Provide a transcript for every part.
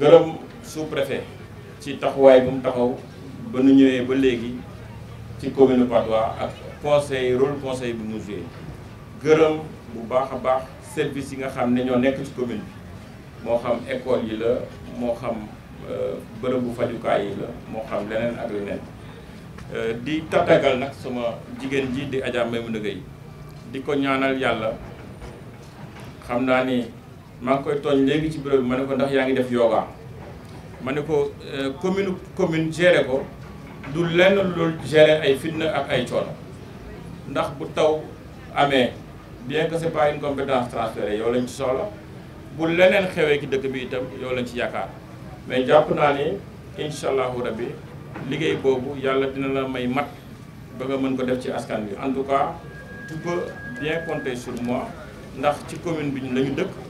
gërëm sous-préfet ci taxuwaay bu mu taxaw ba nu ñëwee ba léegi ci commune Patte d'Oie ak conseil rôle conseil bu mu joué gërëm bu baax a baax service yi nga xam ne ñoo nekk ci commune bi moo xam école yi la moo xam euh, bërëbu fajukaay yi la moo xam leneen ak leneen euh, di tatagal nag sama jigéen ji di Adja Maimouna Gueye di ko ñaanal yàlla xam naa ni maa ngi koy tooñ léegi ci bureau bi ma ne ko ndax yaa ngi def yoga ma ne ko euh, commune commune gérer ko du lenn loolu gérer ay fitna ak ay coono ndax bu taw amee bien que c'est pas une yow lañ ci soxla bu leneen xewee ci dëkk bi itam yow lañ ci yaakaar mais jàpp naa ni incha allahu rabbi liggéey boobu yàlla dina la may mat ba nga mën ko def ci askan bi en tout cas tu peux bien compter sur moi ndax ci commune bi ñu ñu dëkk.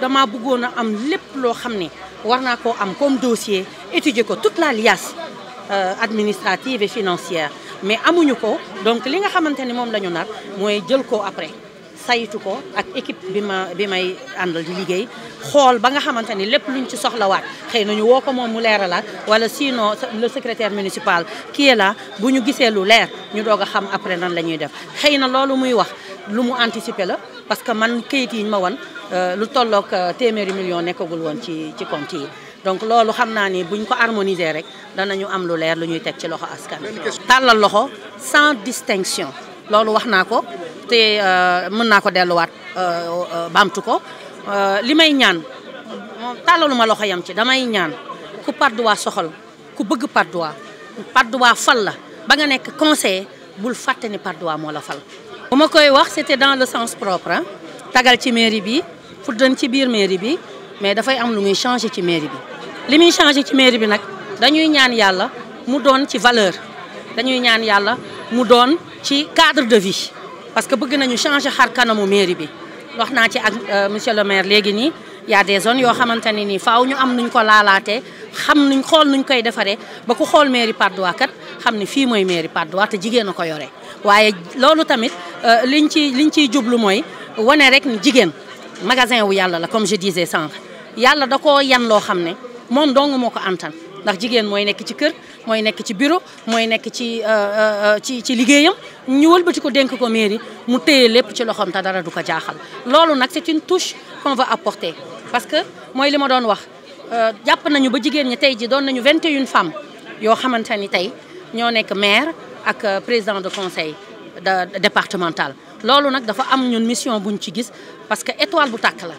dama bëggoon a am lépp loo xam ni war naa koo am comme dossier étudier ko toute la liasse euh, administrative et financière mais amuñu ko donc li nga xamante ni moom la ñu nar mooy jël ko après saytu ko ak équipe bi ma bi may àndal di liggéey xool ba nga xamante ni lépp luñ ci soxlawaat xëy nañu woo ko moom mu la wala sinon le secrétaire municipal kii la bu ñu gisee lu leer ñu doog a xam après nan la ñuy def xëy na loolu muy wax lu mu anticiper la parce que man kayit yi ñu ma wan euh, lu tolloog euh, téeméeri million nekkagul woon ci ci compte yi donc loolu xam naa ni buñ ko harmoniser rek danañu am lu leer lu ñuy teg ci loxo askan tàllal loxo sans distinction loolu wax naa ko te euh, mën naa ko delluwaat baamtu ko li may ñaan moom tàllalu ma loxo yam ci damay ñaan ku Padois soxal ku bëgg Padois Padois fal la ba nga nekk conseiller bul fàtte ni Padois moo la fal bu ma koy wax c'était dans le sens propre ah tagal ci mairie bi fuddan ci biir mairie bi mais dafay am lu muy changer ci mairie bi li muy changer ci mairie bi nak, dañuy ñaan Yalla mu don ci valeur dañuy ñaan Yalla mu don ci cadre de vie parce que bëgg nañu changer xar kanamu mairie bi wax na ci ak euh, monsieur le maire légui ni y des zones yoo xamante ne nii faaw ñu am nuñ ko laalaatee xam nuñ xool nuñ koy defaree ba ku xool mairie par d'Oie kat xam ne fii mooy mairie Patte d'Oie te jigéen a ko yore waaye loolu tamit euh, liñ ci liñ ciy jublu mooy wane rek ni jigéen magasin wu yàlla la comme je disais sànq yàlla da ko yan loo xam ne moom dong ko antan ndax jigéen mooy nekk ci kër mooy nekk ci bureau mooy nekk ci euh, euh, ci ci liggéeyam ñu wëlbati ko dénk ko mairie mu téye lépp ci loxoom te dara du ko jaaxal nag c'est une parce que mooy li ma doon wax euh, jàpp nañu ba jigéen ñi tey ji doon nañu 21 femmes yoo xamante ni On est nekk maire ak euh, président de conseil départemental. loolu nag dafa am ñun mission buñ ci gis parce que étoile bu tàkk la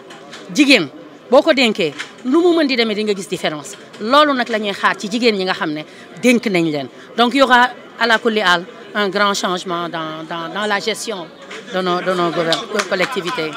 jigéen boo ko dénkee lu mu mën di di nga gis différence loolu on a que xaar ci jigéen ñi nga xam ne Dink nañ donc y aura à la kulli un grand changement dans dans dans la gestion de nos de nos collectivités.